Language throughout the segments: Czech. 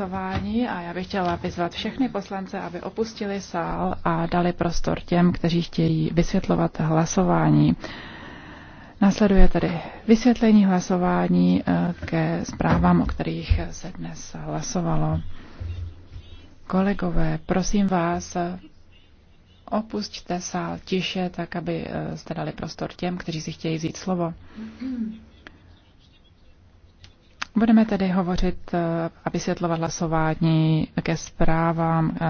hlasování a já bych chtěla vyzvat všechny poslance, aby opustili sál a dali prostor těm, kteří chtějí vysvětlovat hlasování. Nasleduje tedy vysvětlení hlasování eh, ke zprávám, o kterých se dnes hlasovalo. Kolegové, prosím vás, opusťte sál tiše, tak aby eh, jste dali prostor těm, kteří si chtějí vzít slovo. Mm-hmm. Budeme tedy hovořit eh, a vysvětlovat hlasování ke zprávám, eh,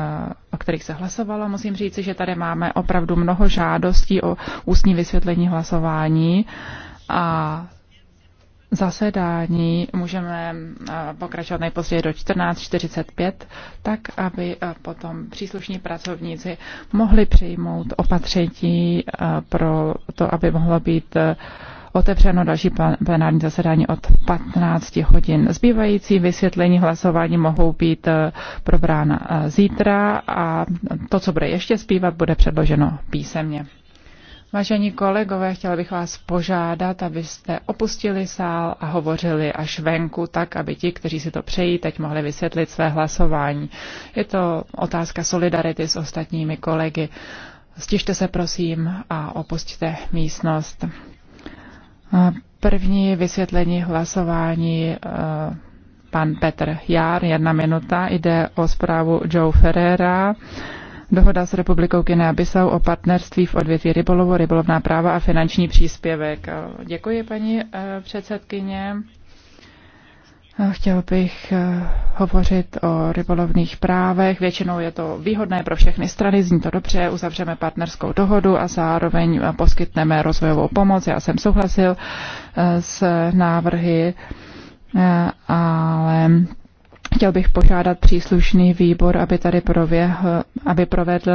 o kterých se hlasovalo. Musím říci, že tady máme opravdu mnoho žádostí o ústní vysvětlení hlasování a zasedání můžeme eh, pokračovat nejpozději do 14.45, tak aby potom příslušní pracovníci mohli přijmout opatření pro to, aby mohlo být otevřeno další plenární zasedání od 15 hodin. Zbývající vysvětlení hlasování mohou být eh, probrána eh, zítra a to, co bude ještě zpívat, bude předloženo písemně. Vážení kolegové, chtěla bych vás požádat, abyste opustili sál a hovořili až venku, tak aby ti, kteří si to přejí, teď mohli vysvětlit své hlasování. Je to otázka solidarity s ostatními kolegy. Stižte se prosím a opustíte místnost. První vysvětlení hlasování eh, pan Petr Jár, jedna minuta, jde o zprávu Joe Ferrera. Dohoda s Republikou Kinea bissau o partnerství v odvětví rybolovu, rybolovná práva a finanční příspěvek. Děkuji, paní eh, předsedkyně. Chtěl bych eh, hovořit o rybolovných právech. Většinou je to výhodné pro všechny strany, zní to dobře, uzavřeme partnerskou dohodu a zároveň poskytneme rozvojovou pomoc. Já jsem souhlasil eh, s návrhy, eh, ale chtěl bych požádat příslušný výbor, aby tady prověhl, aby provedl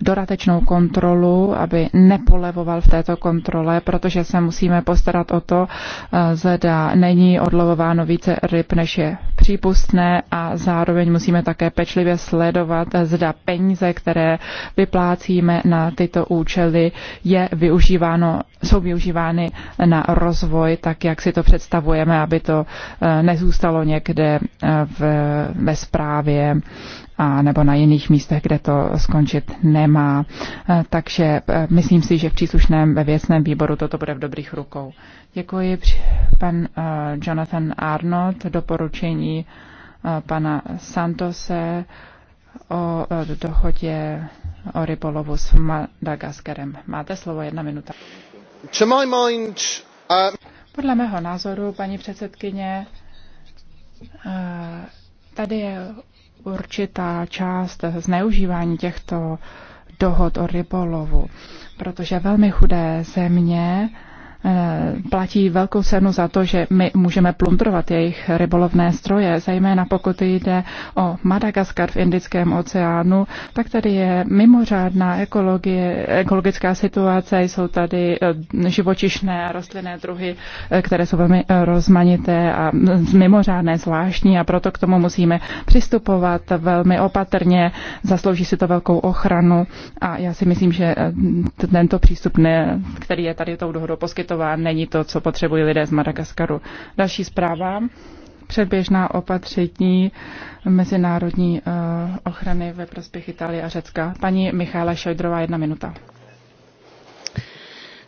dodatečnou kontrolu, aby nepolevoval v této kontrole, protože se musíme postarat o to, eh, zda není odlovováno více ryb, než je přípustné a zároveň musíme také pečlivě sledovat, eh, zda peníze, které vyplácíme na tyto účely, je využíváno, jsou využívány na rozvoj, tak jak si to představujeme, aby to eh, nezůstalo někde v, ve správě a nebo na jiných místech, kde to skončit nemá. E, takže e, myslím si, že v příslušném ve věcném výboru toto bude v dobrých rukou. Děkuji pan e, Jonathan Arnold, doporučení pana Santose o dohodě o rybolovu s Madagaskarem. Máte slovo, jedna minuta. To my mind, Podle mého názoru, paní předsedkyně, tady je určitá část zneužívání těchto dohod o rybolovu, protože velmi chudé země Eh, platí velkou cenu za to, že my můžeme plundrovat jejich rybolovné stroje, zejména pokud jde o Madagaskar v Indickém oceánu, tak tady je mimořádná ekologie, ekologická situace, jsou tady eh, živočišné a rostlinné druhy, eh, které jsou velmi rozmanité a mimořádné, zvláštní a proto k tomu musíme přistupovat velmi opatrně, zaslouží si to velkou ochranu a já si myslím, že tento přístup, ne, který je tady tou dohodou poskytován, dopracován, není to, co potřebují lidé z Madagaskaru. Další zpráva. Předběžná opatření mezinárodní eh, ochrany ve prospěch Itálie a Řecka. Paní Michála Šojdrová, jedna minuta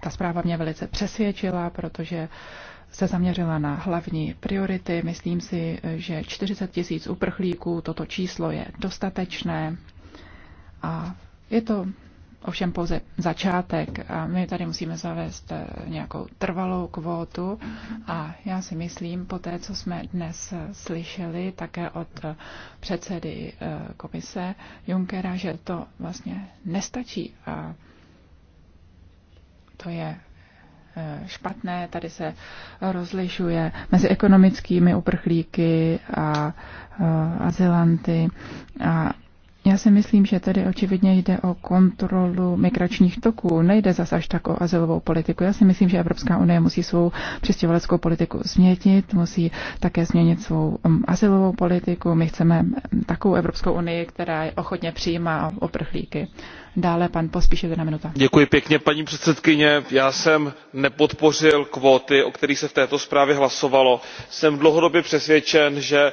ta zpráva mě velice přesvědčila, protože se zaměřila na hlavní priority. Myslím si, že 40 tisíc uprchlíků, toto číslo je dostatečné a je to ovšem pouze začátek a my tady musíme zavést eh, nějakou trvalou kvótu a já si myslím, po té, co jsme dnes eh, slyšeli také od eh, předsedy komise Junkera, že to vlastně nestačí a to je eh, špatné. Tady se rozlišuje mezi ekonomickými uprchlíky a eh, azylanty a já si myslím, že tady očividně jde o kontrolu migračních toků, nejde zase až tak o azylovou politiku. Já si myslím, že Evropská unie musí svou přistěhovaleckou politiku změnit, musí také změnit svou mm, azylovou politiku. My chceme mm, takovou Evropskou unii, která je ochotně přijímá oprchlíky. Dále pan Pospíšil, na minuta. Děkuji pěkně, paní předsedkyně. Já jsem nepodpořil kvóty, o kterých se v této zprávě hlasovalo. Jsem dlouhodobě přesvědčen, že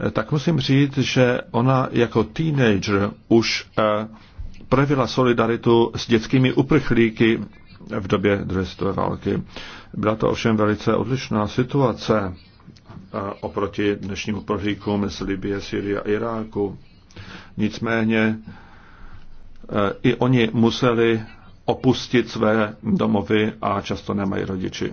Eh, tak musím říct, že ona jako teenager už eh, projevila solidaritu s dětskými uprchlíky v době druhé světové války. Byla to ovšem velice odlišná situace eh, oproti dnešním uprchlíkům z Libie, Syrie a Iráku. Nicméně i oni museli opustit své domovy a často nemají rodiči.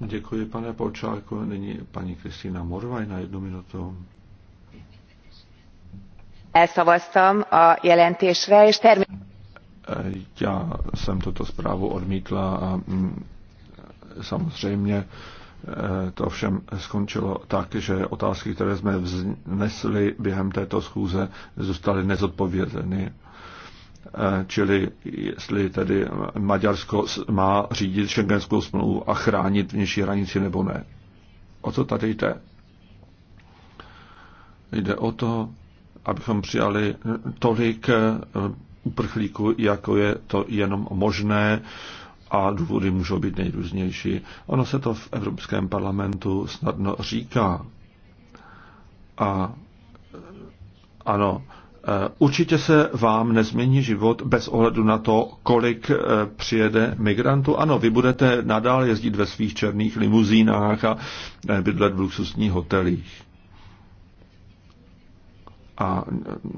Děkuji, pane Polčáku. Nyní paní Kristýna Morvaj na jednu minutu. Já jsem tuto zprávu odmítla a mm, samozřejmě e, to všem skončilo tak, že otázky, které jsme vznesli během této schůze, zůstaly nezodpovězeny. Eh, čili jestli tedy Maďarsko má řídit šengenskou smlouvu a chránit vnější hranici nebo ne. O co tady jde? Jde o to, abychom přijali eh, tolik eh, uprchlíků, jako je to jenom možné a důvody můžou být nejrůznější. Ono se to v Evropském parlamentu snadno říká. A ano, Eh, určitě se vám nezmění život bez ohledu na to, kolik eh, přijede migrantů. Ano, vy budete nadál jezdit ve svých černých limuzínách a eh, bydlet v luxusních hotelích a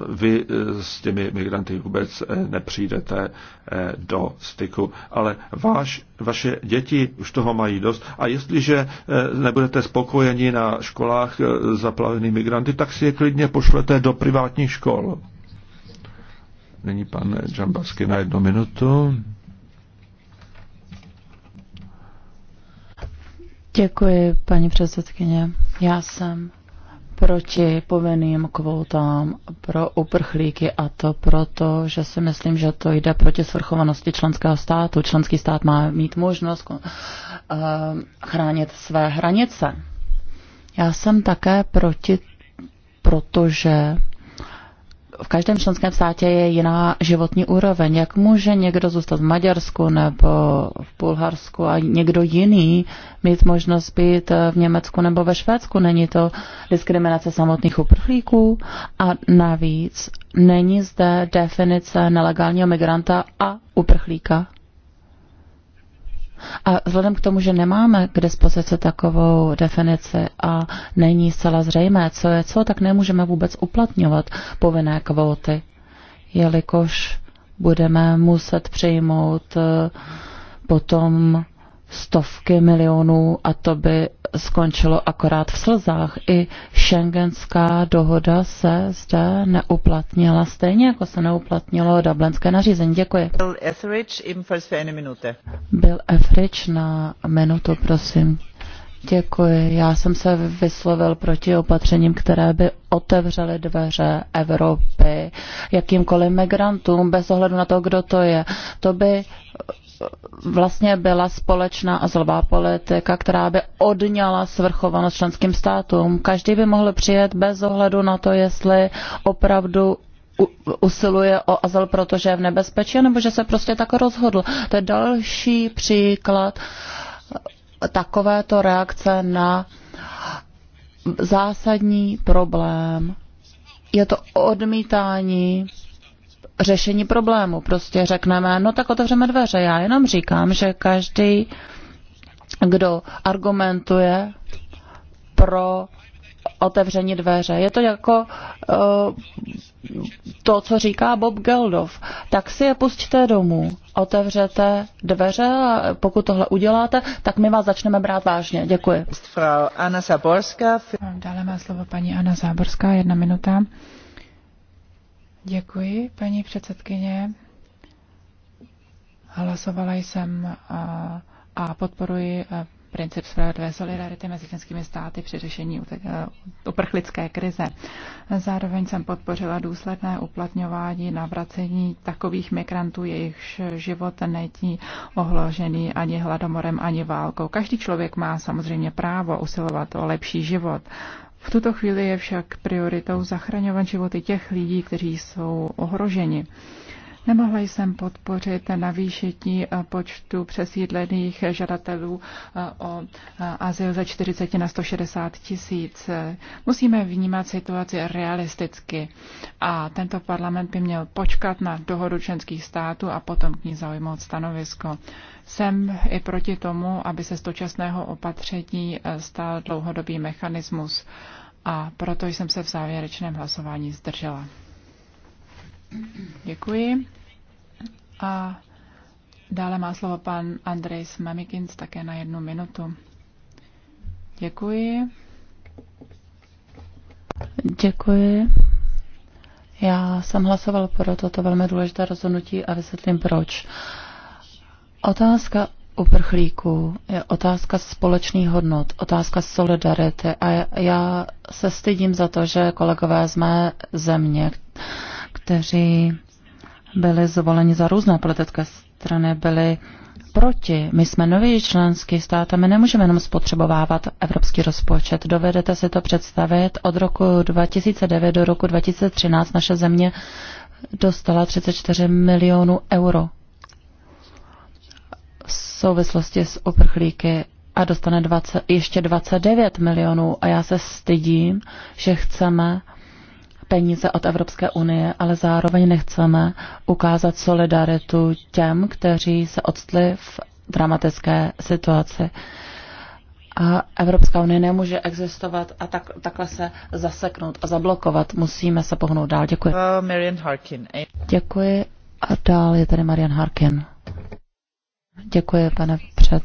vy eh, s těmi migranty vůbec eh, nepřijdete eh, do styku. Ale váš, vaše děti už toho mají dost a jestliže nebudete spokojeni na školách zaplavený migranty, tak si je klidně pošlete do privátních škol. Není pan Džambasky na jednu minutu. Děkuji, paní předsedkyně. Já jsem proti povinným kvótám pro uprchlíky a to proto, že si myslím, že to jde proti svrchovanosti členského státu. Členský stát má mít možnost uh, chránit své hranice. Já jsem také proti, protože v každém členském státě je jiná životní úroveň. Jak může někdo zůstat v Maďarsku nebo v Bulharsku a někdo jiný mít možnost být v Německu nebo ve Švédsku? Není to diskriminace samotných uprchlíků a navíc není zde definice nelegálního migranta a uprchlíka. A vzhledem k tomu, že nemáme k dispozici takovou definici a není zcela zřejmé, co je co, tak nemůžeme vůbec uplatňovat povinné kvóty, jelikož budeme muset přijmout eh, potom stovky milionů a to by skončilo akorát v slzách. I šengenská dohoda se zde neuplatnila, stejně jako se neuplatnilo dublinské nařízení. Děkuji. Bill Etheridge, Bill Etheridge na minutu, prosím. Děkuji. Já jsem se vyslovil proti opatřením, které by otevřely dveře Evropy jakýmkoliv migrantům, bez ohledu na to, kdo to je. To by vlastně byla společná azylová politika, která by odňala svrchovanost členským státům. Každý by mohl přijet bez ohledu na to, jestli opravdu usiluje o azyl, protože je v nebezpečí, nebo že se prostě tak rozhodl. To je další příklad takovéto reakce na zásadní problém. Je to odmítání řešení problému. Prostě řekneme, no tak otevřeme dveře. Já jenom říkám, že každý, kdo argumentuje pro otevření dveře. Je to jako uh, to, co říká Bob Geldof. Tak si je pustíte domů, otevřete dveře a pokud tohle uděláte, tak my vás začneme brát vážně. Děkuji. Frau Anna Záborská. Dále má slovo paní Anna Záborská, jedna minuta. Děkuji, paní předsedkyně. Hlasovala jsem a, a podporuji princip spravedlivé solidarity mezi členskými státy při řešení uprchlické krize. Zároveň jsem podpořila důsledné uplatňování navracení takových migrantů, jejichž život není ohložený ani hladomorem, ani válkou. Každý člověk má samozřejmě právo usilovat o lepší život. V tuto chvíli je však prioritou zachraňovat životy těch lidí, kteří jsou ohroženi. Nemohla jsem podpořit navýšení eh, počtu přesídlených žadatelů eh, o eh, azyl ze 40 na 160 tisíc. Musíme vnímat situaci realisticky a tento parlament by měl počkat na dohodu členských států a potom k ní zaujmout stanovisko. Jsem i proti tomu, aby se z dočasného opatření stal dlouhodobý mechanismus a proto jsem se v závěrečném hlasování zdržela. Děkuji. A dále má slovo pan Andrej Mamikins také na jednu minutu. Děkuji. Děkuji. Já jsem hlasoval pro toto velmi důležité rozhodnutí a vysvětlím proč. Otázka uprchlíků je otázka společných hodnot, otázka solidarity a já se stydím za to, že kolegové z mé země, kteří byli zvoleni za různé politické strany, byli proti. My jsme nový členský stát a my nemůžeme jenom spotřebovávat evropský rozpočet. Dovedete si to představit? Od roku 2009 do roku 2013 naše země dostala 34 milionů euro v souvislosti s uprchlíky a dostane 20, ještě 29 milionů a já se stydím, že chceme peníze od Evropské unie, ale zároveň nechceme ukázat solidaritu těm, kteří se odstli v dramatické situaci. A Evropská unie nemůže existovat a tak, takhle se zaseknout a zablokovat. Musíme se pohnout dál. Děkuji. Uh, Marian Harkin. Děkuji. A dál je tady Marian Harkin. Děkuji, pane před,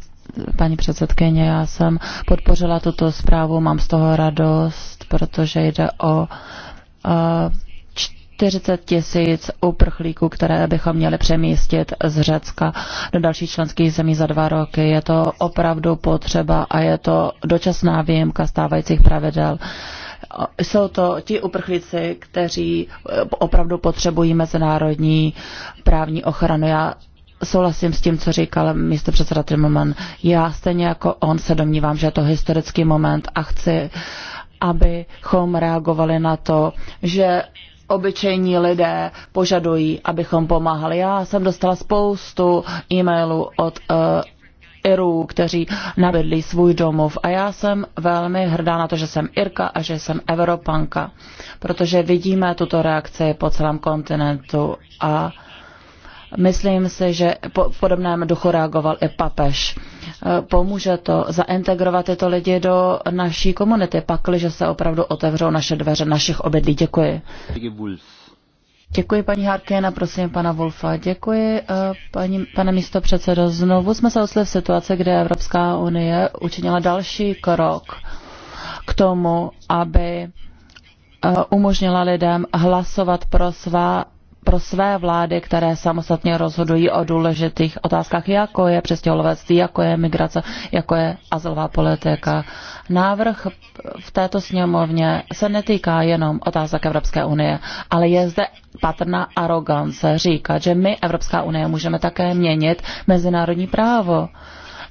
paní předsedkyně. Já jsem podpořila tuto zprávu, mám z toho radost, protože jde o 40 tisíc uprchlíků, které bychom měli přemístit z Řecka do dalších členských zemí za dva roky. Je to opravdu potřeba a je to dočasná výjimka stávajících pravidel. Jsou to ti uprchlíci, kteří opravdu potřebují mezinárodní právní ochranu. Já souhlasím s tím, co říkal místo předseda Timmerman. Já stejně jako on se domnívám, že je to historický moment a chci uh, abychom reagovali na to, že obyčejní lidé požadují, abychom pomáhali. Já jsem dostala spoustu e-mailů od uh, Irů, kteří nabídli svůj domov. A já jsem velmi hrdá na to, že jsem Irka a že jsem Evropanka, protože vidíme tuto reakci po celém kontinentu a myslím si, že po podobném duchu reagoval i papež pomůže to zaintegrovat tyto lidi do naší komunity, pakliže se opravdu otevřou naše dveře našich obydlí. Děkuji. Děkuji paní Harkina, prosím pana Wolfa. Děkuji, eh, paní, pane místo předsedo. Znovu jsme se osli v situaci, kde Evropská unie učinila další krok k tomu, aby eh, umožnila lidem hlasovat pro svá pro své vlády, které samostatně rozhodují o důležitých otázkách, jako je přestěhovalectví, jako je migrace, jako je azylová politika. Návrh v této sněmovně se netýká jenom otázek Evropské unie, ale je zde patrná arogance říkat, že my, Evropská unie, můžeme také měnit mezinárodní právo.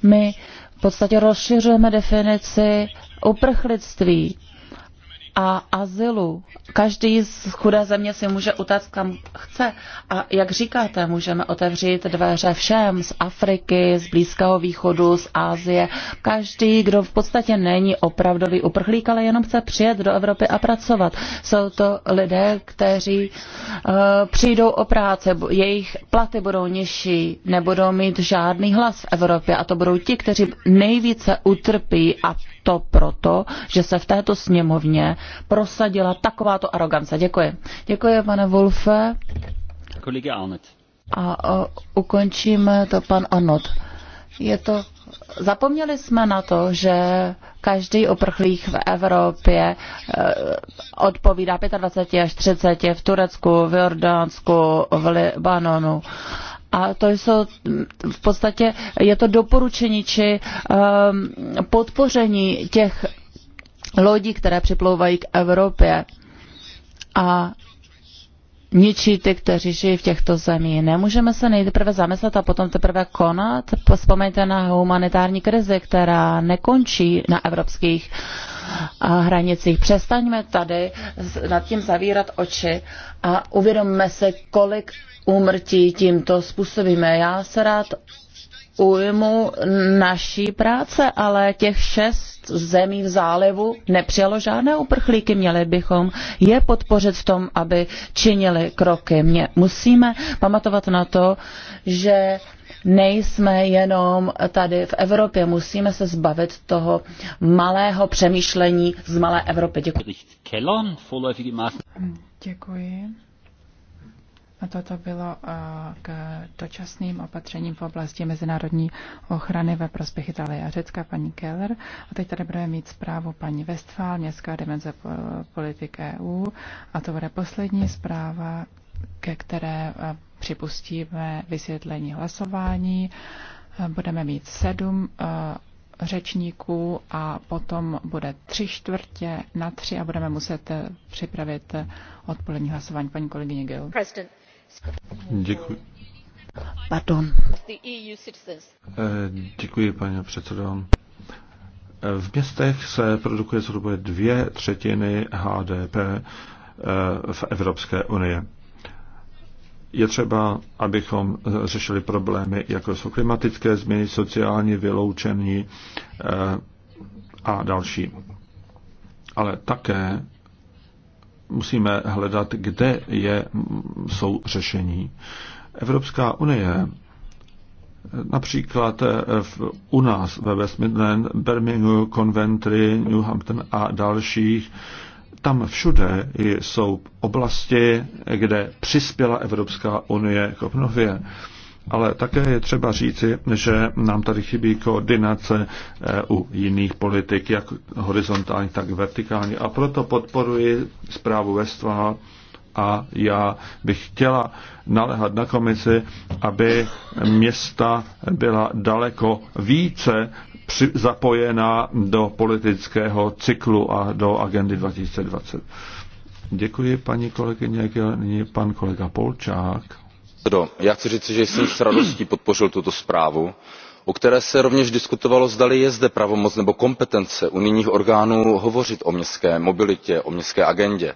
My v podstatě rozšiřujeme definici uprchlictví a azylu. Každý z chudé země si může utéct kam chce. A jak říkáte, můžeme otevřít dveře všem z Afriky, z Blízkého východu, z Ázie. Každý, kdo v podstatě není opravdový uprchlík, ale jenom chce přijet do Evropy a pracovat. Jsou to lidé, kteří uh, přijdou o práci, jejich platy budou nižší, nebudou mít žádný hlas v Evropě a to budou ti, kteří nejvíce utrpí a to proto, že se v této sněmovně prosadila takováto arogance. Děkuji. Děkuji, pane Wolfe. Kolega Arnott. A o, ukončíme to pan Arnott. Je to Zapomněli jsme na to, že každý oprchlík v Evropě e, odpovídá 25 až 30 v Turecku, v Jordánsku, v Libanonu a to jsou v podstatě, je to doporučení či um, podpoření těch lodí, které připlouvají k Evropě a ničí ty, kteří žijí v těchto zemích. Nemůžeme se nejprve zamyslet a potom teprve konat. Vzpomeňte na humanitární krizi, která nekončí na evropských uh, a hranicích. Přestaňme tady nad tím zavírat oči a uvědomme se, kolik úmrtí tímto způsobíme. Já se rád ujmu naší práce, ale těch šest zemí v zálivu nepřijalo žádné uprchlíky. Měli bychom je podpořit v tom, aby činili kroky. Mě musíme pamatovat na to, že nejsme jenom tady v Evropě. Musíme se zbavit toho malého přemýšlení z malé Evropy. Děkuji. Děkuji. A toto bylo eh, k dočasným opatřením v oblasti mezinárodní ochrany ve prospěch Itálie a Řecka, paní Keller. A teď tady budeme mít zprávu paní Westfál, městská dimenze politik EU. A to bude poslední zpráva, ke které eh, připustíme vysvětlení hlasování. Budeme mít sedm eh, řečníků a potom bude tři čtvrtě na tři a budeme muset eh, připravit eh, odpolední hlasování. Paní kolegyně Gil. Děkuji. Pardon. E děkuji, paní předsedo. V městech se produkuje zhruba dvě třetiny HDP v Evropské unii je třeba, abychom eh, řešili problémy, jako jsou klimatické změny, sociální vyloučení eh, a další. Ale také musíme hledat, kde je, mm, jsou řešení. Evropská unie eh, například v, u nás ve West Midland, Birmingham, Conventry, New Hampton a dalších tam všude jsou oblasti, kde přispěla Evropská unie k obnově. Ale také je třeba říci, že nám tady chybí koordinace eh, u jiných politik, jak horizontální, tak vertikální. A proto podporuji zprávu Westphal a já bych chtěla nalehat na komisi, aby města byla daleko více při, zapojená do politického cyklu a do agendy 2020. Děkuji paní kolegyně, nyní pan kolega Polčák. Já chci říct, že jsem s radostí podpořil tuto zprávu o které se rovněž diskutovalo zdali je zde pravomoc nebo kompetence unijních orgánů hovořit o městské mobilitě o městské agendě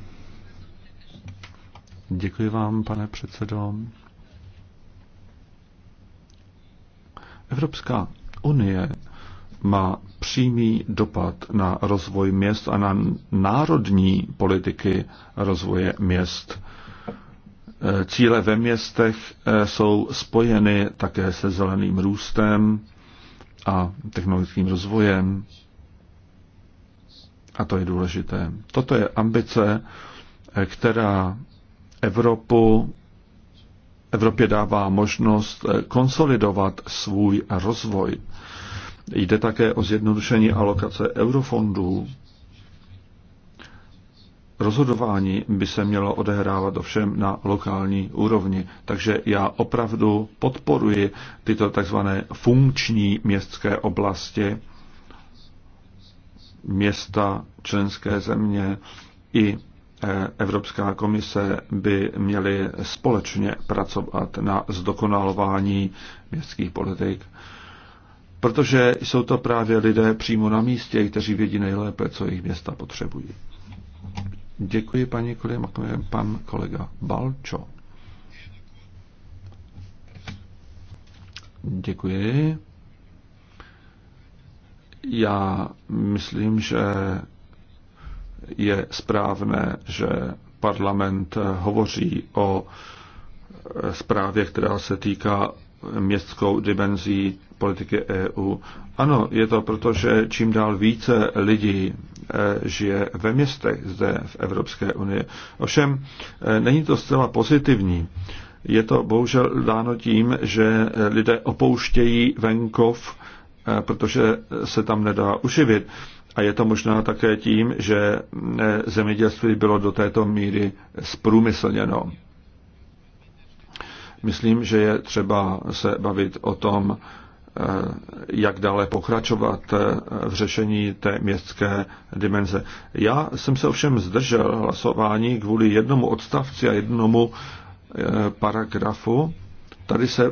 Děkuji vám, pane předsedo. Evropská unie má přímý dopad na rozvoj měst a na národní politiky rozvoje měst. Cíle ve městech eh, jsou spojeny také se zeleným růstem a technologickým rozvojem. A to je důležité. Toto je ambice, eh, která Evropu, Evropě dává možnost eh, konsolidovat svůj rozvoj. Jde také o zjednodušení alokace eurofondů. Rozhodování by se mělo odehrávat ovšem na lokální úrovni, takže já opravdu podporuji tyto takzvané funkční městské oblasti, města, členské země i Evropská komise by měly společně pracovat na zdokonalování městských politik, protože jsou to právě lidé přímo na místě, kteří vědí nejlépe, co jejich města potřebují. Děkuji paní kolega, pan kolega Balčo. Děkuji. Já myslím, že je správné, že parlament hovoří o zprávě, která se týká městskou dimenzí politiky EU. Ano, je to proto, že čím dál více lidí eh, žije ve městech zde v Evropské unii. Ovšem, eh, není to zcela pozitivní. Je to bohužel dáno tím, že lidé opouštějí venkov, eh, protože se tam nedá uživit. A je to možná také tím, že eh, zemědělství bylo do této míry zprůmyslněno. Myslím, že je třeba se bavit o tom, eh, jak dále pokračovat eh, v řešení té městské dimenze. Já jsem se ovšem zdržel hlasování kvůli jednomu odstavci a jednomu paragrafu. Tady se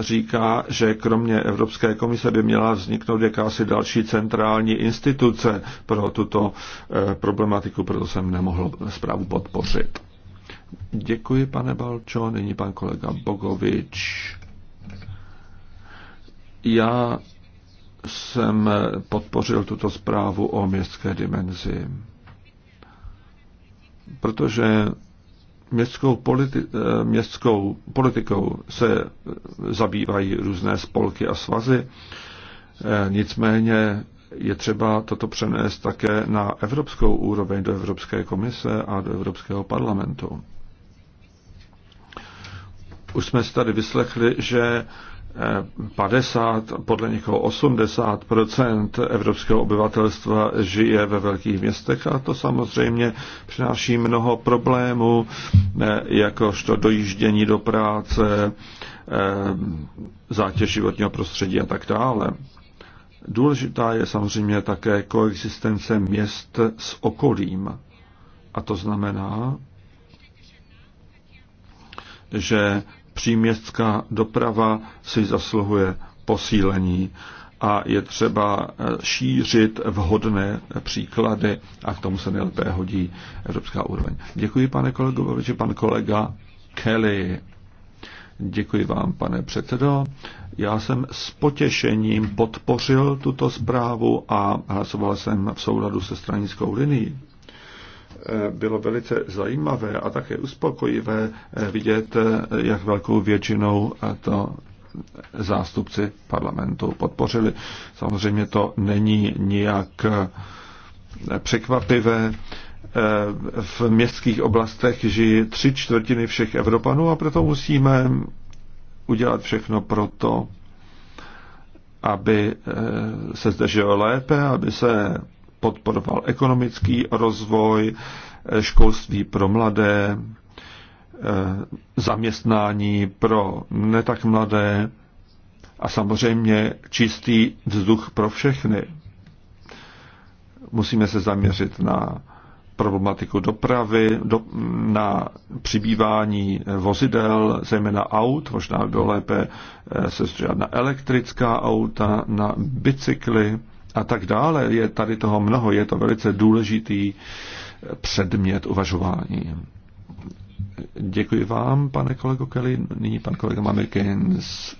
říká, že kromě Evropské komise by měla vzniknout jakási další centrální instituce pro tuto eh, problematiku, proto jsem nemohl zprávu podpořit. Děkuji, pane Balčo. Nyní pan kolega Bogovič. Já jsem podpořil tuto zprávu o městské dimenzi, protože městskou, politi- eh, městskou politikou se zabývají různé spolky a svazy. Eh, nicméně je třeba toto přenést také na evropskou úroveň do Evropské komise a do Evropského parlamentu. Už jsme si tady vyslechli, že 50, podle někoho 80 evropského obyvatelstva žije ve velkých městech a to samozřejmě přináší mnoho problémů, eh, jakožto dojíždění do práce, eh, zátěž životního prostředí a tak dále. Důležitá je samozřejmě také koexistence měst s okolím. A to znamená, že příměstská doprava si zasluhuje posílení a je třeba eh, šířit vhodné příklady a k tomu se nejlépe hodí evropská úroveň. Děkuji, pane kolego, že pan kolega Kelly. Děkuji vám, pane předsedo. Já jsem s potěšením podpořil tuto zprávu a hlasoval jsem v souladu se stranickou linií. Eh, bylo velice zajímavé a také uspokojivé eh, vidět, eh, jak velkou většinou to zástupci parlamentu podpořili. Samozřejmě to není nijak překvapivé. V městských oblastech žijí tři čtvrtiny všech Evropanů a proto musíme udělat všechno pro to, aby se zde žilo lépe, aby se podporoval ekonomický rozvoj, školství pro mladé, eh, zaměstnání pro netak mladé a samozřejmě čistý vzduch pro všechny. Musíme se zaměřit na problematiku dopravy, do, na přibývání vozidel, zejména aut, možná by bylo lépe eh, se na elektrická auta, na bicykly, a tak dále. Je tady toho mnoho, je to velice důležitý předmět uvažování. Děkuji vám, pane kolego Kelly. Nyní pan kolega Mamikins.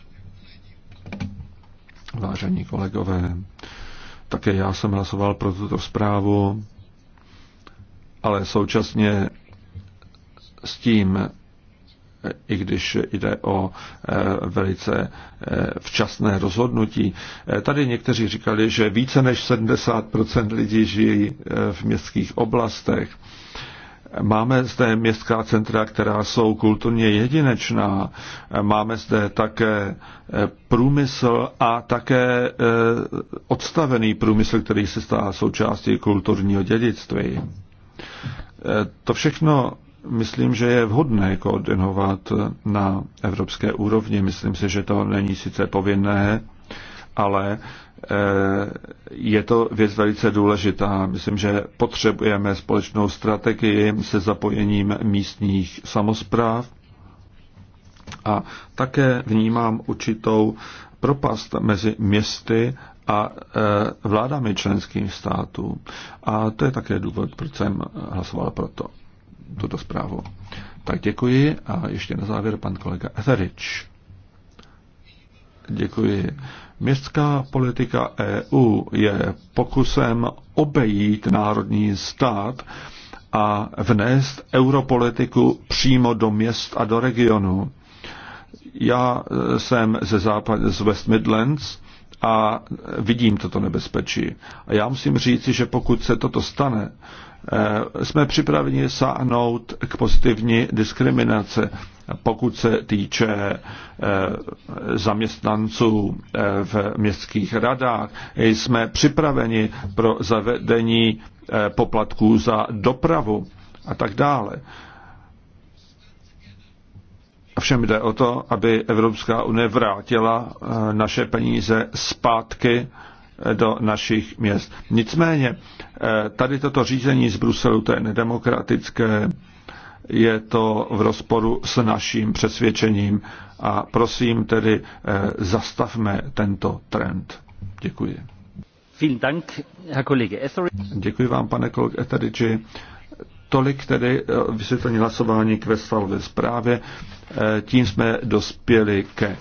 Vážení kolegové, také já jsem hlasoval pro tuto zprávu, ale současně s tím i když jde o eh, velice eh, včasné rozhodnutí. Eh, tady někteří říkali, že více než 70 lidí žijí v městských oblastech. Máme zde městská centra, která jsou kulturně jedinečná. Máme zde také průmysl a také odstavený průmysl, který se stává součástí kulturního dědictví. To všechno myslím, že je vhodné koordinovat na evropské úrovni. Myslím si, že to není sice povinné, ale eh, je to věc velice důležitá. Myslím, že potřebujeme společnou strategii se zapojením místních samozpráv a také vnímám určitou propast mezi městy a eh, vládami členských států. A to je také důvod, proč jsem hlasoval pro to tuto zprávu. Tak děkuji a ještě na závěr pan kolega Etherich. Děkuji. Městská politika EU je pokusem obejít národní stát a vnést europolitiku přímo do měst a do regionu. Já jsem ze západ, z West Midlands a vidím toto nebezpečí. A já musím říci, že pokud se toto stane, eh, jsme připraveni sáhnout k pozitivní diskriminace, pokud se týče eh, zaměstnanců eh, v městských radách. Jsme připraveni pro zavedení poplatků za dopravu a tak dále. Ovšem jde o to, aby Evropská unie vrátila eh, naše peníze zpátky eh, do našich měst. Nicméně eh, tady toto řízení z Bruselu, to je nedemokratické, je to v rozporu s naším přesvědčením a prosím tedy zastavme tento trend. Děkuji. Děkuji vám, pane kolego Etheridge. Tolik tedy eh, vysvětlení hlasování k Westfalové zprávě. Eh, Tím jsme dospěli ke